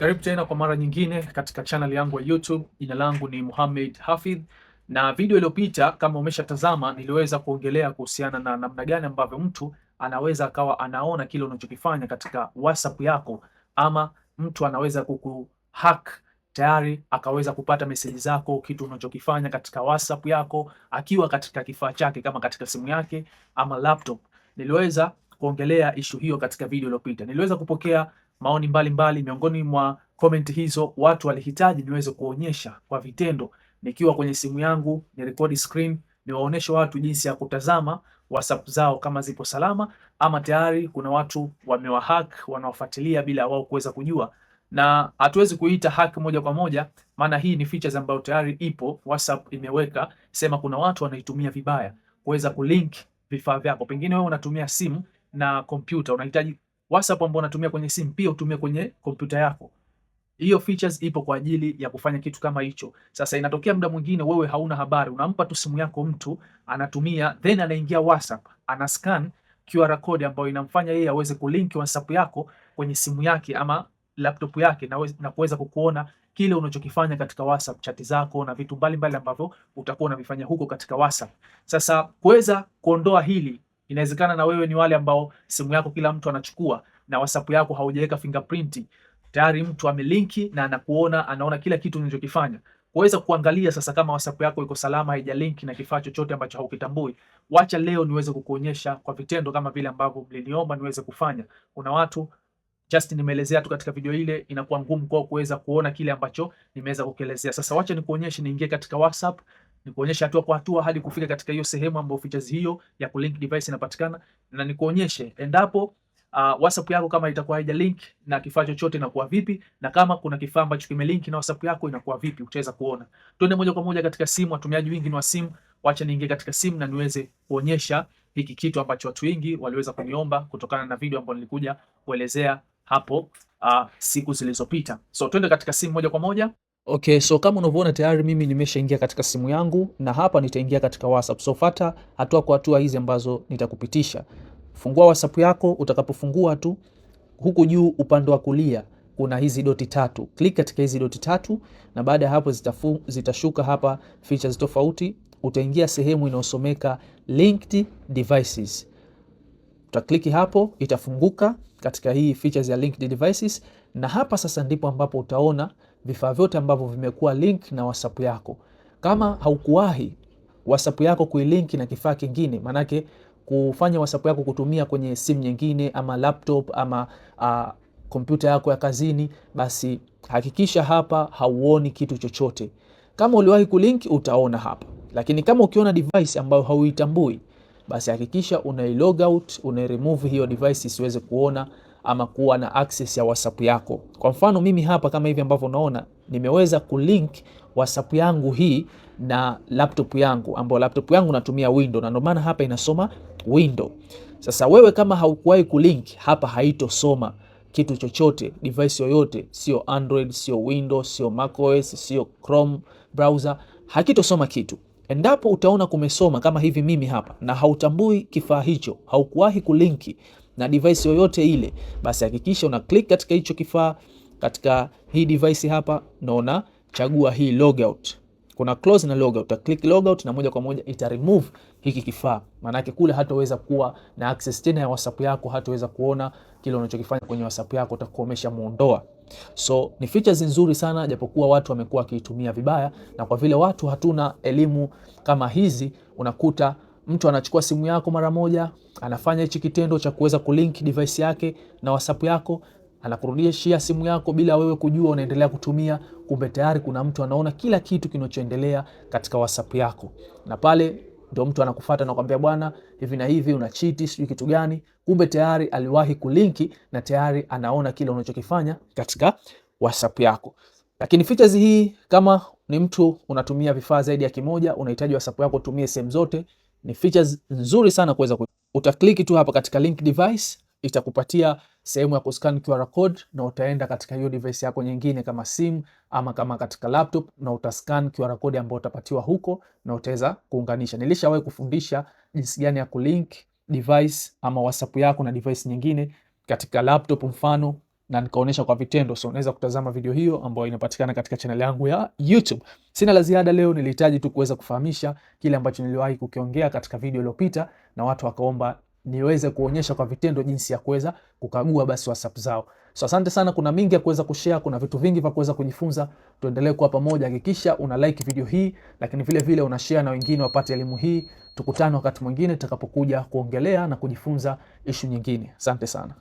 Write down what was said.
Karibu tena kwa mara nyingine katika channel yangu ya YouTube. Jina langu ni Mohamed Hafidh, na video iliyopita kama umeshatazama, niliweza kuongelea kuhusiana na namna gani ambavyo mtu anaweza akawa anaona kile unachokifanya katika WhatsApp yako, ama mtu anaweza kukuhack tayari akaweza kupata meseji zako, kitu unachokifanya katika WhatsApp yako akiwa katika kifaa chake kama katika simu yake ama laptop. Niliweza kuongelea ishu hiyo katika video iliyopita. Niliweza kupokea maoni mbalimbali. Miongoni mwa komenti hizo, watu walihitaji niweze kuonyesha kwa vitendo, nikiwa kwenye simu yangu ni record screen, niwaonyeshe watu jinsi ya kutazama WhatsApp zao kama zipo salama ama tayari kuna watu wamewahack wanaofuatilia bila wao kuweza kujua, na hatuwezi kuita hack moja kwa moja, maana hii ni features ambayo tayari ipo, WhatsApp imeweka sema, kuna watu wanaitumia vibaya kuweza kulink vifaa vyako. Pengine wewe unatumia simu na kompyuta, unahitaji WhatsApp ambao unatumia kwenye simu pia utumie kwenye kompyuta yako. Hiyo features ipo kwa ajili ya kufanya kitu kama hicho. Sasa inatokea muda mwingine wewe hauna habari, unampa tu simu yako mtu anatumia, then anaingia WhatsApp, ana scan QR code ambayo inamfanya yeye aweze kulink WhatsApp yako kwenye simu yake ama laptop yake na, na kuweza kukuona kile unachokifanya katika WhatsApp, chati zako na vitu mbalimbali ambavyo utakuwa unavifanya huko katika WhatsApp. Sasa kuweza kuondoa hili Inawezekana na wewe ni wale ambao simu yako kila mtu anachukua na WhatsApp yako haujaweka fingerprint. Tayari mtu amelinki na anakuona, anaona kila kitu unachokifanya. Kuweza kuangalia sasa kama WhatsApp yako iko salama haijalink na kifaa chochote ambacho haukitambui. Wacha leo niweze kukuonyesha kwa vitendo kama vile ambavyo mliniomba niweze kufanya. Kuna watu just nimeelezea tu katika video ile, inakuwa ngumu kwao kuweza kuona kile ambacho nimeweza kukuelezea. Sasa wacha nikuonyeshe, niingie katika WhatsApp ni kuonyesha hatua kwa hatua hadi kufika katika hiyo sehemu ambayo features hiyo ya kulink device inapatikana, na nikuonyeshe endapo Uh, WhatsApp yako kama itakuwa haija link na kifaa chochote inakuwa vipi, na kama kuna kifaa ambacho kimelink na WhatsApp yako inakuwa vipi, utaweza kuona. Tuende moja kwa moja katika simu. Watumiaji wengi ni wa simu, wacha niingie katika simu na niweze kuonyesha hiki kitu ambacho watu wengi waliweza kuniomba kutokana na video ambayo nilikuja kuelezea hapo uh, siku zilizopita. So twende katika simu moja kwa moja. Okay, so kama unavyoona tayari mimi nimeshaingia katika simu yangu na hapa nitaingia katika WhatsApp. So fuata hatua kwa hatua hizi ambazo nitakupitisha. Fungua WhatsApp yako, utakapofungua tu huku juu upande wa kulia kuna hizi doti tatu. Click katika hizi doti tatu na baada ya hapo zitafu, zitashuka hapa features tofauti, utaingia sehemu inayosomeka linked devices. Utakliki hapo itafunguka katika hii features ya linked devices na hapa sasa ndipo ambapo utaona vifaa vyote ambavyo vimekuwa link na WhatsApp yako. Kama haukuwahi WhatsApp yako kuilink na kifaa kingine, manake kufanya WhatsApp yako kutumia kwenye simu nyingine ama laptop ama uh, ah, kompyuta yako ya kazini, basi hakikisha hapa hauoni kitu chochote. Kama uliwahi kulink utaona hapa, lakini kama ukiona device ambayo hauitambui, basi hakikisha unai log out, unai remove hiyo device isiweze kuona ama kuwa na access ya WhatsApp yako. Kwa mfano mimi hapa kama hivi ambavyo unaona nimeweza kulink WhatsApp yangu hii na laptop yangu ambayo laptop yangu natumia window na ndio maana hapa inasoma window. Sasa wewe kama haukuwahi kulink hapa haitosoma kitu chochote, device yoyote, sio Android, sio Windows, sio macOS, sio Chrome browser, hakitosoma kitu. Endapo utaona kumesoma kama hivi mimi hapa na hautambui kifaa hicho, haukuwahi kulinki na device yoyote ile, basi hakikisha una click katika hicho kifaa, katika hii device hapa, na unachagua hii logout. Kuna close na logout, click logout na moja kwa moja ita remove hiki kifaa, maana yake kule hataweza kuwa na access tena ya WhatsApp yako, hataweza kuona kile unachokifanya kwenye WhatsApp yako, utakuwa umeshamuondoa. So ni features nzuri sana, japokuwa watu wamekuwa wakiitumia vibaya, na kwa vile watu hatuna elimu kama hizi unakuta mtu anachukua simu yako mara moja, anafanya hichi kitendo cha kuweza kulink device yake na WhatsApp yako, anakurudishia simu yako bila wewe kujua, unaendelea kutumia. Kumbe tayari kuna mtu anaona kila kitu kinachoendelea katika WhatsApp yako, na pale ndio mtu anakufuata na kukwambia, bwana, hivi na hivi una cheat, sijui kitu gani. Kumbe tayari aliwahi kulinki na tayari anaona kile unachokifanya katika WhatsApp yako. Lakini features hii, kama ni mtu unatumia vifaa zaidi ya kimoja, unahitaji WhatsApp yako utumie sehemu zote. Ni features nzuri sana kuweza ku utakliki tu hapa katika link device, itakupatia sehemu ya kuscan QR code na utaenda katika hiyo device yako nyingine kama simu ama kama katika laptop, na utascan QR code ambayo utapatiwa huko na utaweza kuunganisha. Nilishawahi kufundisha jinsi gani ya kulink device ama WhatsApp yako na device nyingine katika laptop mfano na nikaonesha kwa vitendo, so unaweza kutazama video hiyo ambayo inapatikana katika channel yangu ya YouTube. Sina la ziada leo, nilihitaji tu kuweza kufahamisha kile ambacho niliwahi kukiongea katika video iliyopita, na watu wakaomba niweze kuonyesha kwa vitendo jinsi ya kuweza kukagua basi WhatsApp zao. So asante sana, kuna mingi ya kuweza kushare, kuna vitu vingi vya kuweza kujifunza. Tuendelee kuwa pamoja, hakikisha una like video hii, lakini vile vile una share na wengine wapate elimu hii. Tukutane wakati mwingine tutakapokuja kuongelea na kujifunza ishu nyingine. Asante sana.